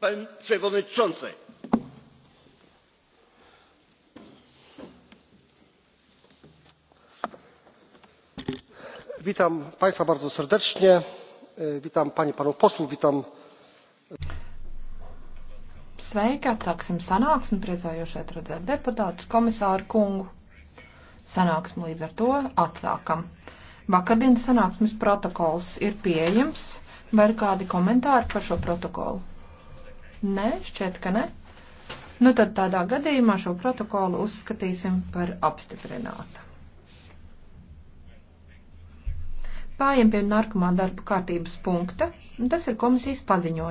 panie przewodniczący! witam państwa bardzo serdecznie witam panie i panów posłów witam. sveiki atsāksim sanāksmi priecājos šeit redzēt deputātus komisāru kungu sanāksmi līdz ar to atsākam vakardienas sanāksmes protokols ir pieejams vai ir kādi komentāri par šo protokolu? Nē, šķiet, ka ne. Nu tad tādā gadījumā šo protokolu uzskatīsim par apstiprinātu. Pājiem pie nākamā darba kārtības punkta, un tas ir komisijas paziņojums.